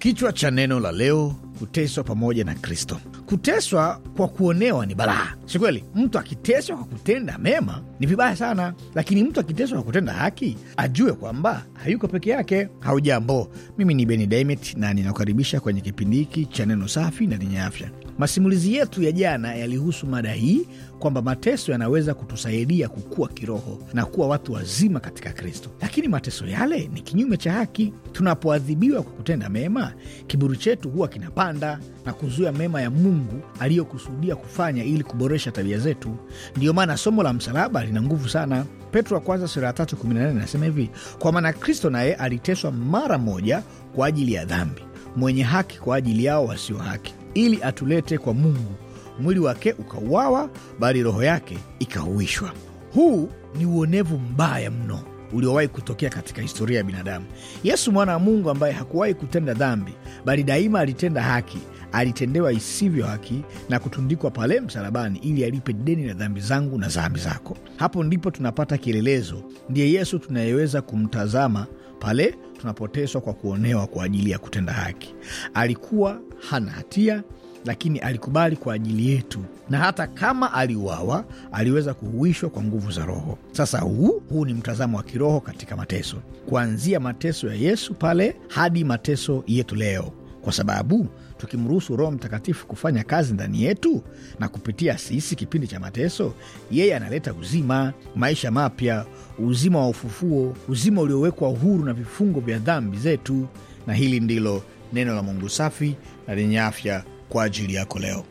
Kichwa cha neno la leo: kuteswa pamoja na Kristo. Kuteswa kwa kuonewa ni balaa, si kweli? Mtu akiteswa kwa kutenda mema ni vibaya sana, lakini mtu akiteswa kwa kutenda haki ajue kwamba hayuko peke yake. Haujambo, mimi ni Beni Dimet na ninakukaribisha kwenye kipindi hiki cha neno safi na lenye afya. Masimulizi yetu ya jana yalihusu mada hii kwamba mateso yanaweza kutusaidia kukua kiroho na kuwa watu wazima katika Kristo, lakini mateso yale ni kinyume cha haki. Tunapoadhibiwa kwa kutenda mema, kiburi chetu huwa kinapanda na kuzuia mema ya Mungu aliyokusudia kufanya ili kuboresha tabia zetu. Ndiyo maana somo la msalaba lina nguvu sana. Petro wa kwanza sura ya tatu kumi na nane anasema hivi, kwa maana Kristo naye aliteswa mara moja kwa ajili ya dhambi, mwenye haki kwa ajili yao wasio haki ili atulete kwa Mungu. Mwili wake ukauawa, bali roho yake ikauishwa. Huu ni uonevu mbaya mno uliowahi kutokea katika historia ya binadamu. Yesu mwana wa Mungu ambaye hakuwahi kutenda dhambi, bali daima alitenda haki, alitendewa isivyo haki na kutundikwa pale msalabani ili alipe deni la dhambi zangu na dhambi zako. Hapo ndipo tunapata kielelezo, ndiye Yesu tunayeweza kumtazama pale tunapoteswa kwa kuonewa kwa ajili ya kutenda haki. Alikuwa hana hatia, lakini alikubali kwa ajili yetu, na hata kama aliuawa, aliweza kuhuishwa kwa nguvu za Roho. Sasa huu huu ni mtazamo wa kiroho katika mateso, kuanzia mateso ya Yesu pale hadi mateso yetu leo kwa sababu tukimruhusu Roho Mtakatifu kufanya kazi ndani yetu na kupitia sisi kipindi cha mateso, yeye analeta uzima, maisha mapya, uzima wa ufufuo, uzima uliowekwa uhuru na vifungo vya dhambi zetu. Na hili ndilo neno la Mungu safi na lenye afya kwa ajili yako leo.